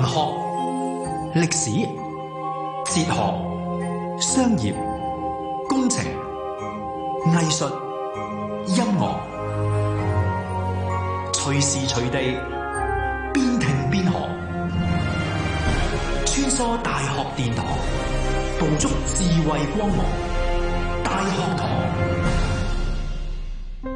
文學、歷史、哲學、商業、工程、藝術、音樂，隨時隨地邊聽邊學，穿梭大學殿堂，捕捉智慧光芒。大學堂，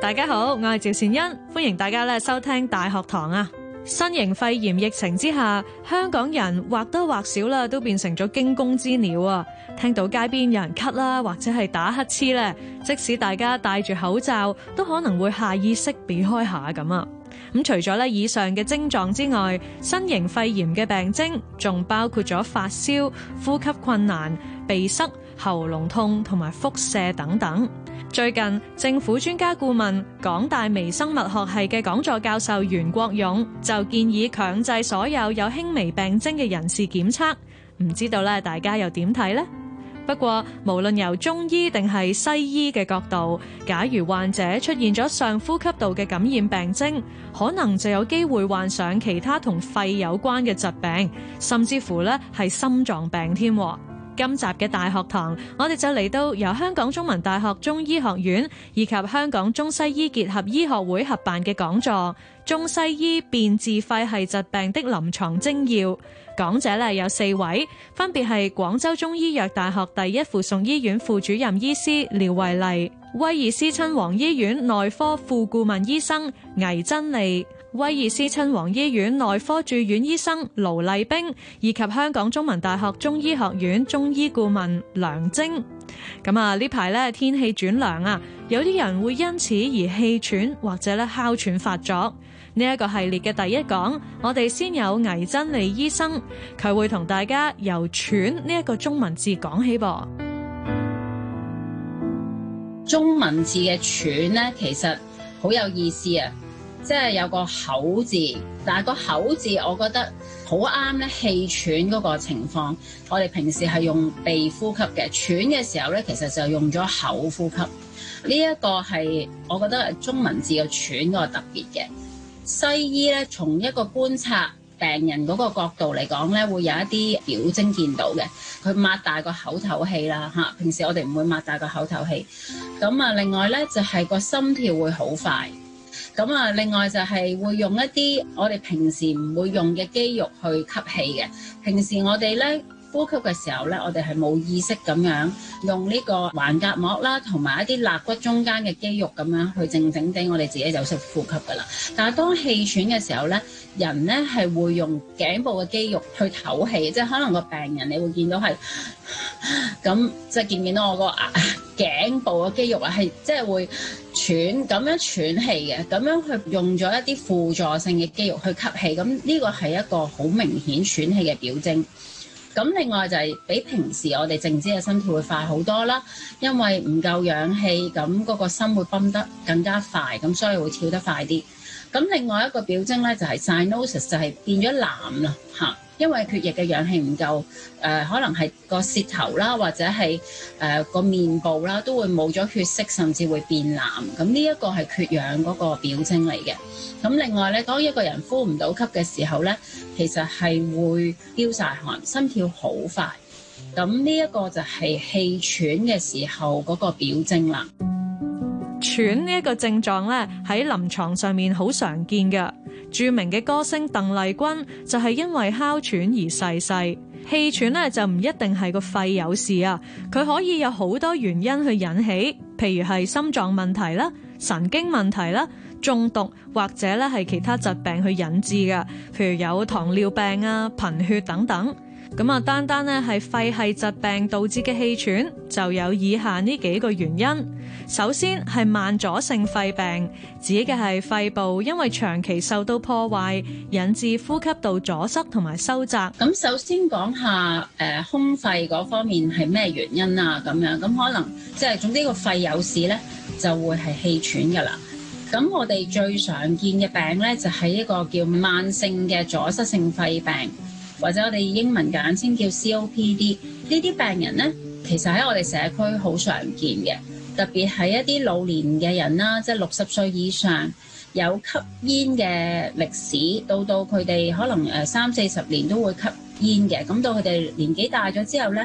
大家好，我係趙善恩，歡迎大家咧收聽大學堂啊！新型肺炎疫情之下，香港人或多或少啦，都變成咗驚弓之鳥啊！聽到街邊有人咳啦，或者係打乞嗤咧，即使大家戴住口罩，都可能會下意識避開下咁啊！咁除咗咧以上嘅症狀之外，新型肺炎嘅病徵仲包括咗發燒、呼吸困難、鼻塞、喉嚨痛同埋腹瀉等等。最近政府專家顧問，港大微生物學系嘅講座教授袁國勇就建議強制所有有輕微病徵嘅人士檢測，唔知道咧大家又點睇呢？不過無論由中醫定係西醫嘅角度，假如患者出現咗上呼吸道嘅感染病徵，可能就有機會患上其他同肺有關嘅疾病，甚至乎咧係心臟病添。今集嘅大學堂，我哋就嚟到由香港中文大學中醫學院以及香港中西醫結合醫學會合辦嘅講座《中西醫辨治肺系疾病的臨床精要》。講者呢有四位，分別係廣州中醫藥大學第一附屬醫院副主任醫師廖慧麗、威爾斯親王醫院內科副顧問醫生倪珍莉。威爾斯親王醫院內科住院醫生盧麗冰以及香港中文大學中醫學院中醫顧問梁晶，咁啊呢排咧天氣轉涼啊，有啲人會因此而氣喘或者咧哮喘發作。呢一個系列嘅第一講，我哋先有倪珍莉醫生，佢會同大家由喘呢一個中文字講起噃。中文字嘅喘咧，其實好有意思啊！即係有個口字，但係個口字，我覺得好啱咧。氣喘嗰個情況，我哋平時係用鼻呼吸嘅，喘嘅時候咧，其實就用咗口呼吸。呢、這、一個係我覺得中文字嘅喘嗰個特別嘅。西醫咧，從一個觀察病人嗰個角度嚟講咧，會有一啲表徵見到嘅。佢擘大個口唞氣啦，嚇、啊！平時我哋唔會擘大個口唞氣。咁啊，另外咧就係、是、個心跳會好快。咁啊，另外就係會用一啲我哋平時唔會用嘅肌肉去吸氣嘅。平時我哋咧呼吸嘅時候咧，我哋係冇意識咁樣用呢個橫隔膜啦，同埋一啲肋骨中間嘅肌肉咁樣去靜靜哋，我哋自己就識呼吸噶啦。但係當氣喘嘅時候咧，人咧係會用頸部嘅肌肉去唞氣，即係可能個病人你會見到係咁，即係見唔見到我個頸部嘅肌肉啊？係即係會。喘咁樣喘氣嘅，咁樣去用咗一啲輔助性嘅肌肉去吸氣，咁呢個係一個好明顯喘氣嘅表徵。咁另外就係、是、比平時我哋靜止嘅心跳會快好多啦，因為唔夠氧氣，咁嗰個心會泵得更加快，咁所以會跳得快啲。咁另外一個表徵咧就係 cyanosis 就係變咗藍啦嚇、啊，因為血液嘅氧氣唔夠，誒、呃、可能係個舌頭啦，或者係誒個面部啦，都會冇咗血色，甚至會變藍。咁呢一個係缺氧嗰個表徵嚟嘅。咁另外咧，當一個人呼唔到吸嘅時候咧，其實係會飆晒汗，心跳好快。咁呢一個就係氣喘嘅時候嗰個表徵啦。喘呢一個症狀咧喺臨床上面好常見嘅。著名嘅歌星鄧麗君就係因為哮喘而逝世。氣喘咧就唔一定係個肺有事啊，佢可以有好多原因去引起，譬如係心臟問題啦、神經問題啦、中毒或者咧係其他疾病去引致嘅，譬如有糖尿病啊、貧血等等。咁啊，單單咧係肺係疾病導致嘅氣喘，就有以下呢幾個原因。首先係慢阻性肺病，指嘅係肺部因為長期受到破壞，引致呼吸道阻塞同埋收窄。咁首先講下誒、呃、胸肺嗰方面係咩原因啊？咁樣咁可能即係總之個肺有事咧，就會係氣喘㗎喇。咁我哋最常見嘅病咧就係、係、一個叫慢性嘅阻塞性肺病。或者我哋英文簡稱叫 COPD 呢啲病人呢，其實喺我哋社區好常見嘅，特別係一啲老年嘅人啦，即係六十歲以上有吸煙嘅歷史，到到佢哋可能誒三四十年都會吸煙嘅，咁到佢哋年紀大咗之後呢，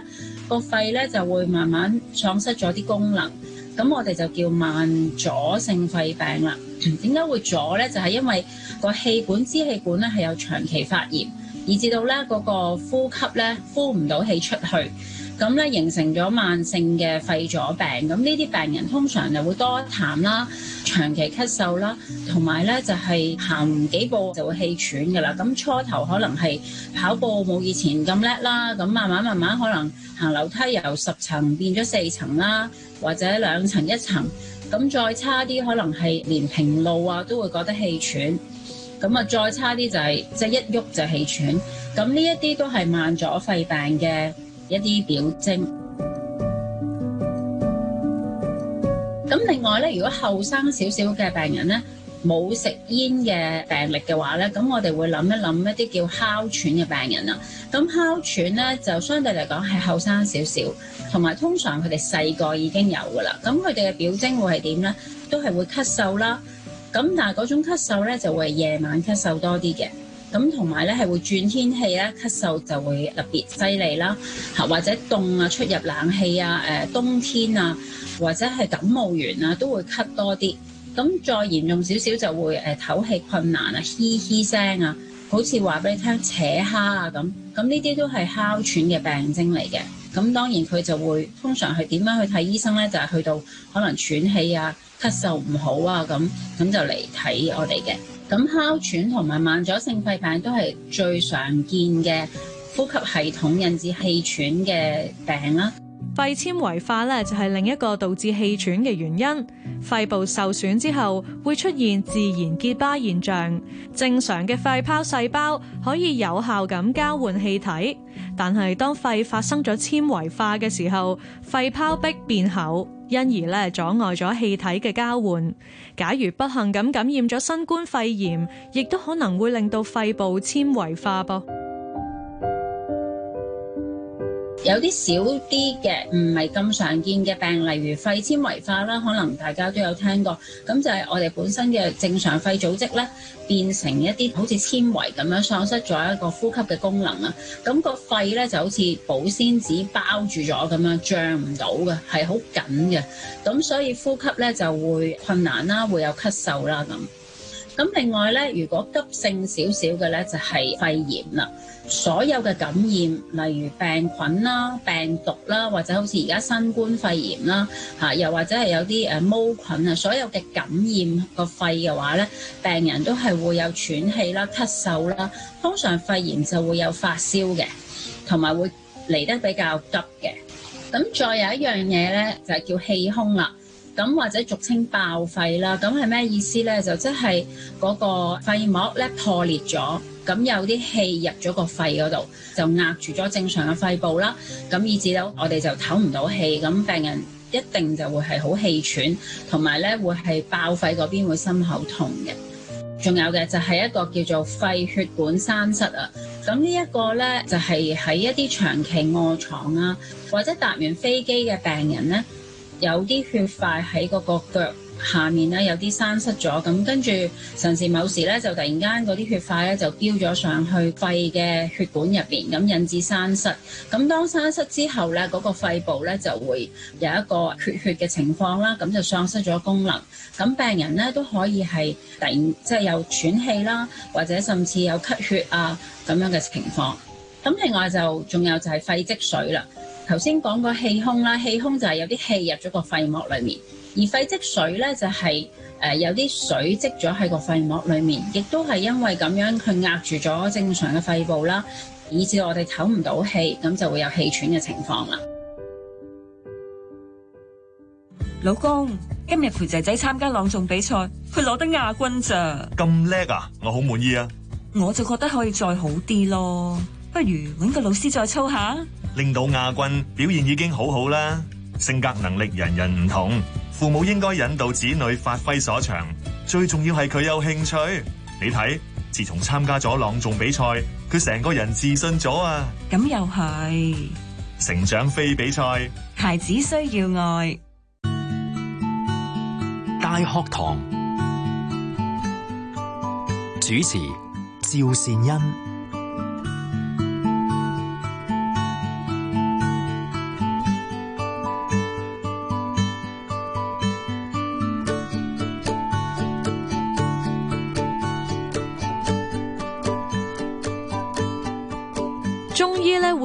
個肺呢就會慢慢喪失咗啲功能，咁我哋就叫慢阻性肺病啦。點解會阻呢？就係因為個氣管支氣管咧係有長期發炎，以至到咧嗰個呼吸咧呼唔到氣出去，咁咧形成咗慢性嘅肺阻病。咁呢啲病人通常就會多痰啦，長期咳嗽啦，同埋咧就係行唔幾步就會氣喘嘅啦。咁初頭可能係跑步冇以前咁叻啦，咁慢慢慢慢可能行樓梯由十層變咗四層啦，或者兩層一層。咁再差啲可能係連平路啊都會覺得氣喘。咁啊，再差啲就係即係一喐就氣喘，咁呢一啲都係慢阻肺病嘅一啲表徵。咁 另外咧，如果後生少少嘅病人咧，冇食煙嘅病歷嘅話咧，咁我哋會諗一諗一啲叫哮喘嘅病人啦。咁哮喘咧就相對嚟講係後生少少，同埋通常佢哋細個已經有㗎啦。咁佢哋嘅表徵會係點咧？都係會咳嗽啦。咁但係嗰種咳嗽咧，就會夜晚咳嗽多啲嘅。咁同埋咧係會轉天氣咧，咳嗽就會特別犀利啦。嚇或者凍啊，出入冷氣啊，誒、呃、冬天啊，或者係感冒完啊，都會咳多啲。咁再嚴重少少就會誒，唞氣困難啊，嘻嘻聲啊，好似話俾你聽扯蝦啊咁。咁呢啲都係哮喘嘅病徵嚟嘅。咁當然佢就會通常係點樣去睇醫生呢？就係、是、去到可能喘氣啊、咳嗽唔好啊咁，咁就嚟睇我哋嘅。咁哮喘同埋慢阻性肺病都係最常見嘅呼吸系統引致氣喘嘅病啦、啊。肺纖維化咧就係另一個導致氣喘嘅原因。肺部受損之後，會出現自然結疤現象。正常嘅肺泡細胞可以有效咁交換氣體，但係當肺發生咗纖維化嘅時候，肺泡壁變厚，因而咧阻礙咗氣體嘅交換。假如不幸咁感染咗新冠肺炎，亦都可能會令到肺部纖維化噃。有啲少啲嘅唔係咁常見嘅病，例如肺纖維化啦，可能大家都有聽過。咁就係我哋本身嘅正常肺組織咧，變成一啲好似纖維咁樣，喪失咗一個呼吸嘅功能啦。咁個肺咧就好似保鮮紙包住咗咁樣，脹唔到嘅，係好緊嘅。咁所以呼吸咧就會困難啦，會有咳嗽啦咁。咁另外咧，如果急性少少嘅咧，就係肺炎啦。所有嘅感染，例如病菌啦、病毒啦，或者好似而家新冠肺炎啦，嚇，又或者係有啲誒毛菌啊，所有嘅感染個肺嘅話咧，病人都係會有喘氣啦、咳嗽啦，通常肺炎就會有發燒嘅，同埋會嚟得比較急嘅。咁再有一樣嘢咧，就係叫氣胸啦。咁或者俗稱爆肺啦，咁係咩意思咧？就即係嗰個肺膜咧，破裂咗，咁有啲氣入咗個肺嗰度，就壓住咗正常嘅肺部啦。咁以至到我哋就唞唔到氣，咁病人一定就會係好氣喘，同埋咧會係爆肺嗰邊會心口痛嘅。仲有嘅就係一個叫做肺血管栓塞啊。咁呢、就是、一個咧就係喺一啲長期臥床啊，或者搭完飛機嘅病人咧。有啲血塊喺嗰個腳下面咧，有啲栓塞咗，咁跟住神時某時咧，就突然間嗰啲血塊咧就飆咗上去肺嘅血管入邊，咁引致栓塞。咁當栓塞之後咧，嗰、那個肺部咧就會有一個缺血嘅情況啦，咁就喪失咗功能。咁病人咧都可以係突然即係、就是、有喘氣啦，或者甚至有咳血啊咁樣嘅情況。咁另外就仲有就係肺積水啦。頭先講個氣胸啦，氣胸就係有啲氣入咗個肺膜裏面，而肺積水咧就係誒有啲水積咗喺個肺膜裏面，亦都係因為咁樣佢壓住咗正常嘅肺部啦，以致我哋唞唔到氣，咁就會有氣喘嘅情況啦。老公，今日陪仔仔參加朗誦比賽，佢攞得亞軍咋。咁叻啊！我好滿意啊！我就覺得可以再好啲咯，不如揾個老師再操下。令到亞軍表現已經好好啦，性格能力人人唔同，父母應該引導子女發揮所長，最重要係佢有興趣。你睇，自從參加咗朗誦比賽，佢成個人自信咗啊！咁又係成長非比賽，孩子需要愛。大學堂主持趙善恩。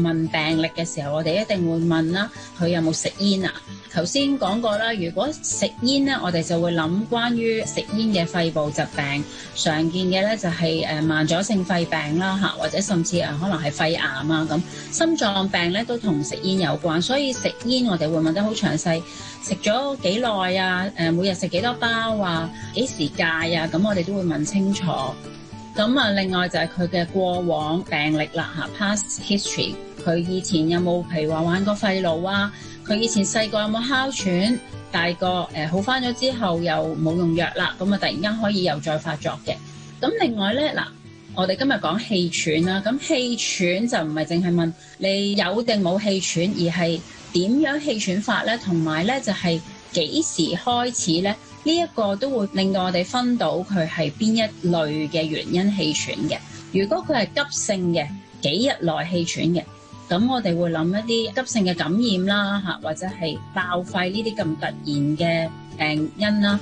問病歷嘅時候，我哋一定會問啦，佢有冇食煙啊？頭先講過啦，如果食煙咧，我哋就會諗關於食煙嘅肺部疾病，常見嘅咧就係誒慢阻性肺病啦嚇，或者甚至誒可能係肺癌啊咁。心臟病咧都同食煙有關，所以食煙我哋會問得好詳細，食咗幾耐啊？誒，每日食幾多包啊？幾時戒啊？咁我哋都會問清楚。咁啊，另外就係佢嘅過往病歷啦吓 past history，佢以前有冇譬如話玩過肺癆啊？佢以前細個有冇哮喘？大個誒好返咗之後又冇用藥啦，咁啊突然間可以又再發作嘅。咁另外咧嗱，我哋今日講氣喘啦，咁氣喘就唔係淨係問你有定冇氣喘，而係點樣氣喘法咧，同埋咧就係、是、幾時開始咧？呢一個都會令到我哋分到佢係邊一類嘅原因氣喘嘅。如果佢係急性嘅，幾日內氣喘嘅，咁我哋會諗一啲急性嘅感染啦，嚇或者係爆肺呢啲咁突然嘅病因啦。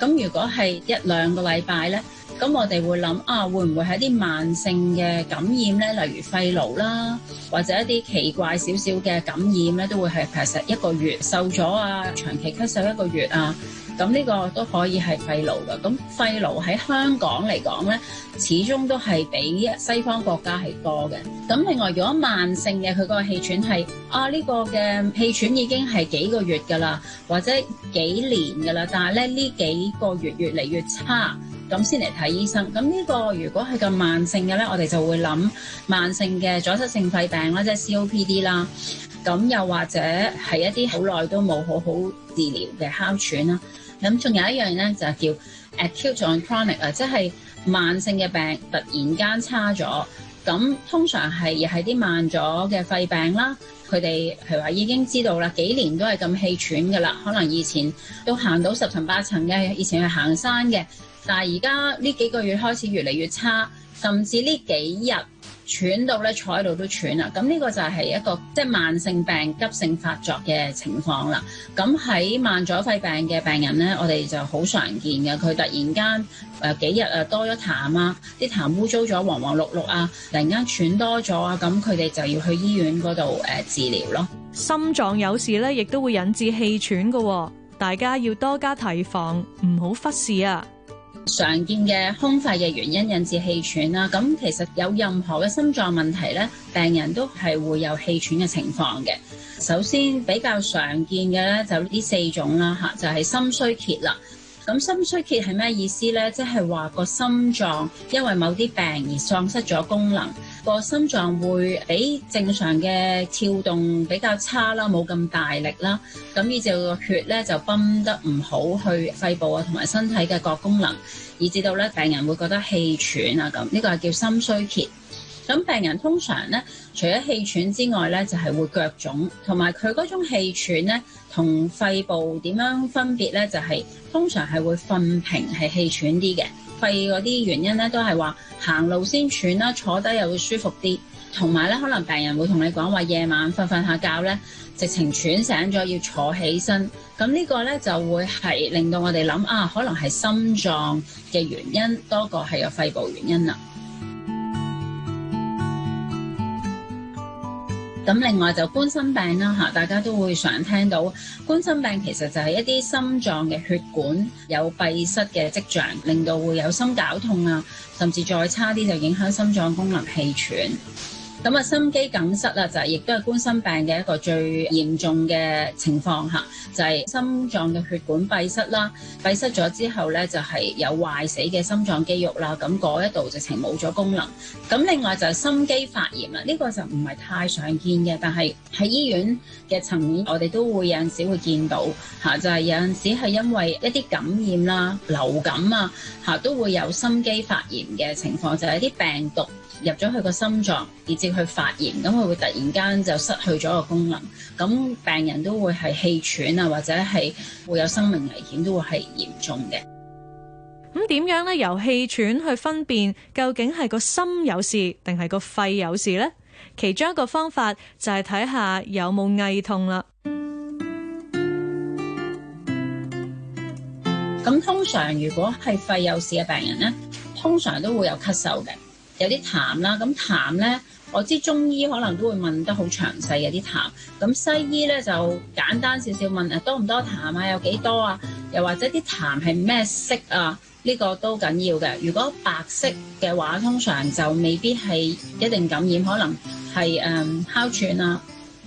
咁如果係一兩個禮拜咧，咁我哋會諗啊，會唔會係啲慢性嘅感染咧？例如肺癆啦，或者一啲奇怪少少嘅感染咧，都會係其實一個月瘦咗啊，長期咳嗽一個月啊。咁呢個都可以係肺癆嘅，咁肺癆喺香港嚟講咧，始終都係比西方國家係多嘅。咁另外，如果慢性嘅佢個氣喘係啊呢、呢個嘅氣喘已經係幾個月㗎啦，或者幾年㗎啦，但係咧呢幾個月越嚟越差，咁先嚟睇醫生。咁呢個如果係個慢性嘅咧，我哋就會諗慢性嘅阻塞性肺病或者係 COPD 啦。咁又或者係一啲好耐都冇好好治療嘅哮喘啦。咁仲有一樣咧，就係叫 acute on chronic 啊，即係慢性嘅病突然間差咗。咁通常係又係啲慢咗嘅肺病啦。佢哋係話已經知道啦，幾年都係咁氣喘㗎啦。可能以前都行到十層八層嘅，以前係行山嘅，但係而家呢幾個月開始越嚟越差，甚至呢幾日。喘到咧坐喺度都喘啦，咁呢個就係一個即係、就是、慢性病急性發作嘅情況啦。咁喺慢阻肺病嘅病人咧，我哋就好常見嘅，佢突然間誒、呃、幾日啊多咗痰啊，啲痰污糟咗黃黃綠綠啊，突然間喘多咗啊，咁佢哋就要去醫院嗰度誒治療咯。心臟有事咧，亦都會引致氣喘嘅，大家要多加提防，唔好忽視啊！常見嘅胸肺嘅原因引致氣喘啦，咁其實有任何嘅心臟問題咧，病人都係會有氣喘嘅情況嘅。首先比較常見嘅咧，就呢四種啦吓，就係心衰竭啦。咁心衰竭係咩意思咧？即係話個心臟因為某啲病而喪失咗功能。個心臟會比正常嘅跳動比較差啦，冇咁大力啦，咁依就個血咧就泵得唔好去肺部啊，同埋身體嘅各功能，以至到咧病人會覺得氣喘啊咁，呢個係叫心衰竭。咁病人通常咧除咗氣喘之外咧，就係、是、會腳腫，同埋佢嗰種氣喘咧同肺部點樣分別咧？就係、是、通常係會瞓平係氣喘啲嘅。肺嗰啲原因咧，都係話行路先喘啦，坐低又會舒服啲。同埋咧，可能病人會同你講話，夜晚瞓瞓下覺咧，直情喘醒咗要坐起身。咁呢個咧就會係令到我哋諗啊，可能係心臟嘅原因多過係個肺部原因啦。咁另外就冠心病啦吓，大家都會常聽到，冠心病其實就係一啲心臟嘅血管有閉塞嘅跡象，令到會有心絞痛啊，甚至再差啲就影響心臟功能、氣喘。咁啊，心肌梗塞啦，就係亦都係冠心病嘅一個最嚴重嘅情況嚇，就係心臟嘅血管閉塞啦，閉塞咗之後咧，就係有壞死嘅心臟肌肉啦，咁嗰一度直情冇咗功能。咁另外就係心肌發炎啦，呢個就唔係太常見嘅，但係喺醫院嘅層面，我哋都會有陣時會見到嚇，就係有陣時係因為一啲感染啦、流感啊嚇，都會有心肌發炎嘅情況，就係一啲病毒。入咗佢個心臟，以致佢發炎，咁佢會突然間就失去咗個功能，咁病人都會係氣喘啊，或者係會有生命危險，都會係嚴重嘅。咁點樣咧？由氣喘去分辨，究竟係個心有事定係個肺有事呢？其中一個方法就係睇下有冇胃痛啦。咁通常如果係肺有事嘅病人咧，通常都會有咳嗽嘅。有啲痰啦，咁痰咧，我知中醫可能都會問得好詳細，有啲痰，咁西醫咧就簡單少少問啊，多唔多痰啊，有幾多啊，又或者啲痰係咩色啊？呢個都緊要嘅。如果白色嘅話，通常就未必係一定感染，可能係誒哮喘啊，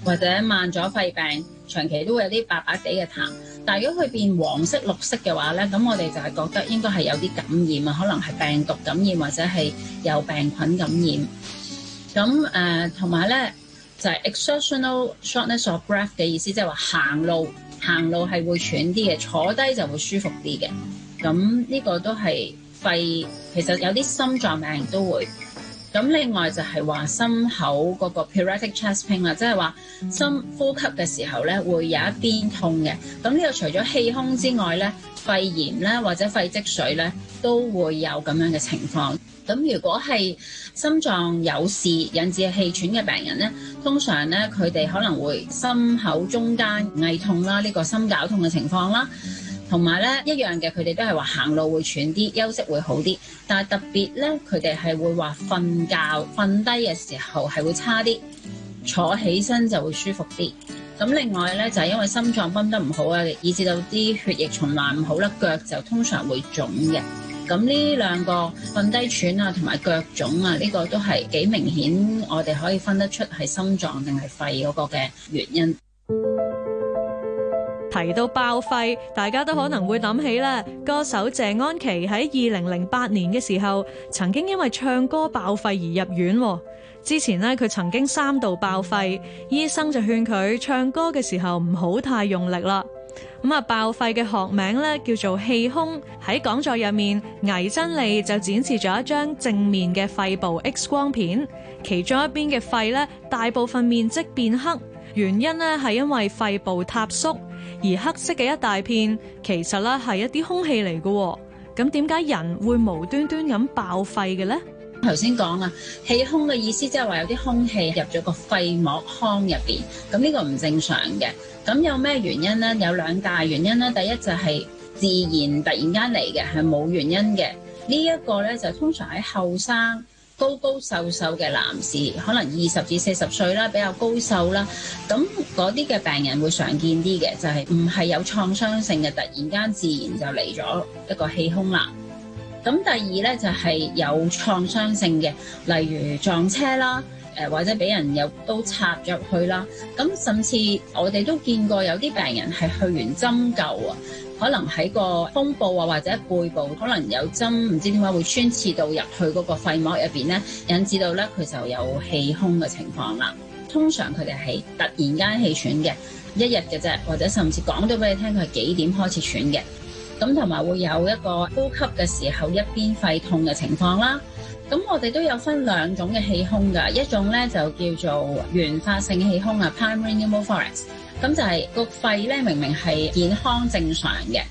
或者慢阻肺病，長期都會有啲白白哋嘅痰。但如果佢變黃色、綠色嘅話咧，咁我哋就係覺得應該係有啲感染啊，可能係病毒感染或者係有病菌感染。咁誒，同埋咧就係、是、exertional shortness of breath 嘅意思，即係話行路行路係會喘啲嘅，坐低就會舒服啲嘅。咁呢個都係肺，其實有啲心臟病都會。咁另外就係話心口嗰個 pleuritic chest pain 啦，即係話心呼吸嘅時候咧會有一邊痛嘅。咁呢個除咗氣胸之外咧，肺炎咧或者肺積水咧都會有咁樣嘅情況。咁如果係心臟有事引致氣喘嘅病人咧，通常咧佢哋可能會心口中間胃痛啦，呢個心絞痛嘅情況啦。同埋咧一樣嘅，佢哋都係話行路會喘啲，休息會好啲。但係特別咧，佢哋係會話瞓覺瞓低嘅時候係會差啲，坐起身就會舒服啲。咁另外咧就係因為心臟泵得唔好啊，以至到啲血液循環唔好啦，腳就通常會腫嘅。咁呢兩個瞓低喘啊，同埋腳腫啊，呢個都係幾明顯，我哋可以分得出係心臟定係肺嗰個嘅原因。提到爆肺，大家都可能會諗起啦。歌手謝安琪喺二零零八年嘅時候，曾經因為唱歌爆肺而入院。之前呢，佢曾經三度爆肺，醫生就勸佢唱歌嘅時候唔好太用力啦。咁啊，爆肺嘅學名咧叫做氣胸。喺講座入面，倪珍莉就展示咗一張正面嘅肺部 X 光片，其中一邊嘅肺咧，大部分面積變黑。原因咧係因為肺部塌縮，而黑色嘅一大片其實咧係一啲空氣嚟嘅。咁點解人會無端端咁爆肺嘅咧？頭先講啊，氣胸嘅意思即係話有啲空氣入咗個肺膜腔入邊，咁呢個唔正常嘅。咁有咩原因咧？有兩大原因咧。第一就係自然突然間嚟嘅，係冇原因嘅。呢一個咧就通常喺後生，高高瘦瘦嘅男士，可能二十至四十歲啦，比較高瘦啦，咁嗰啲嘅病人會常見啲嘅，就係唔係有創傷性嘅，突然間自然就嚟咗一個氣胸啦。咁第二呢，就係有創傷性嘅，例如撞車啦，誒或者俾人有刀插入去啦，咁甚至我哋都見過有啲病人係去完針灸啊。可能喺個胸部啊，或者背部，可能有針唔知點解會穿刺到入去嗰個肺膜入邊咧，引致到咧佢就有氣胸嘅情況啦。通常佢哋係突然間氣喘嘅，一日嘅啫，或者甚至講到俾你聽佢係幾點開始喘嘅。咁同埋會有一個呼吸嘅時候一邊肺痛嘅情況啦。咁我哋都有分兩種嘅氣胸㗎，一種咧就叫做原發性氣胸啊，primary pneumothorax。 咁就係個肺咧，明明係健康正常嘅，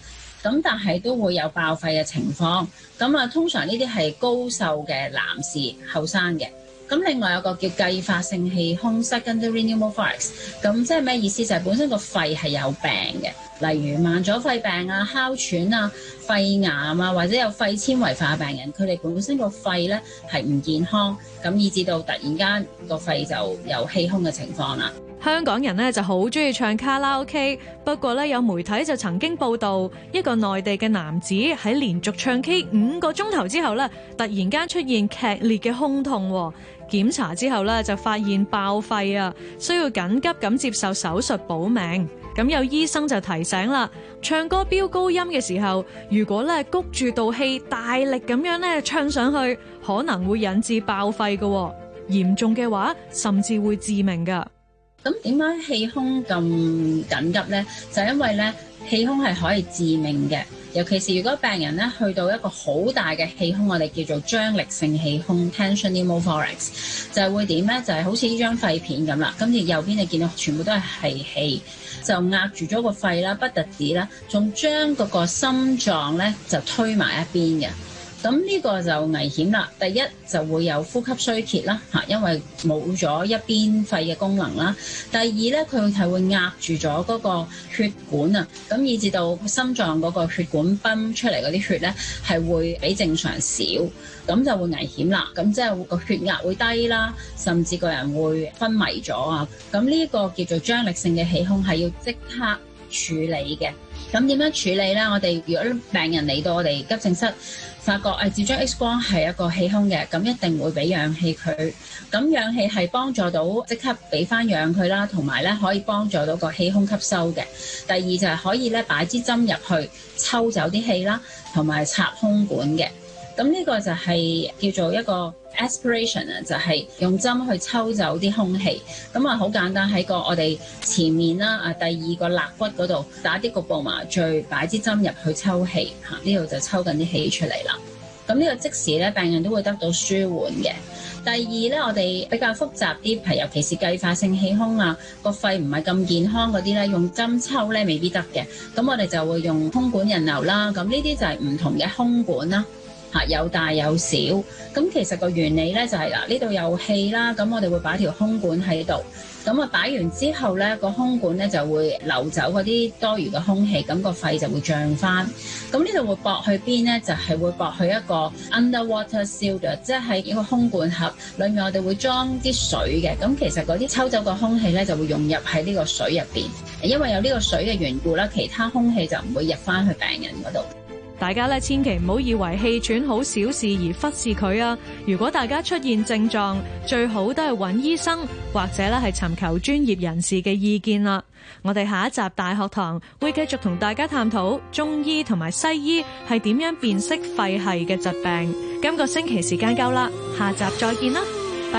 咁但係都會有爆肺嘅情況。咁啊，通常呢啲係高瘦嘅男士後生嘅。咁另外有個叫繼發性氣胸，Secondary Pneumothorax，咁即係咩意思？就係、是、本身個肺係有病嘅，例如慢阻肺病啊、哮喘啊、肺癌啊，或者有肺纖維化病人，佢哋本身個肺咧係唔健康，咁以至到突然間個肺就有氣胸嘅情況啦。香港人咧就好中意唱卡拉 OK，不過咧有媒體就曾經報道一個內地嘅男子喺連續唱 K 五個鐘頭之後咧，突然間出現劇烈嘅胸痛。檢查之後咧就發現爆肺啊，需要緊急咁接受手術保命。咁有醫生就提醒啦，唱歌飆高音嘅時候，如果咧谷住道氣，大力咁樣咧唱上去，可能會引致爆肺嘅，嚴重嘅話，甚至會致命㗎。咁點解氣胸咁緊急咧？就是、因為咧，氣胸係可以致命嘅。尤其是如果病人咧去到一個好大嘅氣胸，我哋叫做張力性氣胸 （tensional e m o f o r a x 就係會點咧？就係、是、好似呢張肺片咁啦，跟住右邊你見到全部都係氣氣，就壓住咗個肺啦，不特止啦，仲將嗰個心臟咧就推埋一邊嘅。咁呢個就危險啦！第一就會有呼吸衰竭啦嚇，因為冇咗一邊肺嘅功能啦。第二咧，佢係會壓住咗嗰個血管啊，咁以至到心臟嗰個血管泵出嚟嗰啲血咧，係會比正常少，咁就會危險啦。咁即係個血壓會低啦，甚至個人會昏迷咗啊！咁呢一個叫做張力性嘅氣胸係要即刻處理嘅。咁點樣處理咧？我哋如果病人嚟到我哋急症室。發覺誒，接張 X 光係一個氣胸嘅，咁一定會俾氧氣佢。咁氧氣係幫助到即刻俾返氧佢啦，同埋呢可以幫助到個氣胸吸收嘅。第二就係可以呢擺支針入去抽走啲氣啦，同埋插空管嘅。咁呢個就係叫做一個 aspiration 啊，就係用針去抽走啲空氣。咁啊，好簡單喺個我哋前面啦啊，第二個肋骨嗰度打啲局部麻醉，擺支針入去抽氣嚇。呢度就抽緊啲氣出嚟啦。咁呢個即時咧，病人都會得到舒緩嘅。第二咧，我哋比較複雜啲，譬如尤其是繼發性氣胸啊，個肺唔係咁健康嗰啲咧，用針抽咧未必得嘅。咁我哋就會用空管引流啦。咁呢啲就係唔同嘅空管啦。嚇有大有小，咁其實個原理咧就係、是、啦，呢度有氣啦，咁我哋會擺條空管喺度，咁啊擺完之後咧，個空管咧就會流走嗰啲多餘嘅空氣，咁、那個肺就會漲翻。咁呢度會駁去邊咧？就係、是、會駁去一個 underwater sealer，即係一個空管盒裡面我，我哋會裝啲水嘅。咁其實嗰啲抽走嘅空氣咧就會融入喺呢個水入邊，因為有呢個水嘅緣故啦，其他空氣就唔會入翻去病人嗰度。大家咧千祈唔好以為氣喘好小事而忽視佢啊！如果大家出現症狀，最好都係揾醫生或者咧係尋求專業人士嘅意見啦。我哋下一集大學堂會繼續同大家探討中醫同埋西醫係點樣辨識肺系嘅疾病。今個星期時間夠啦，下集再見啦。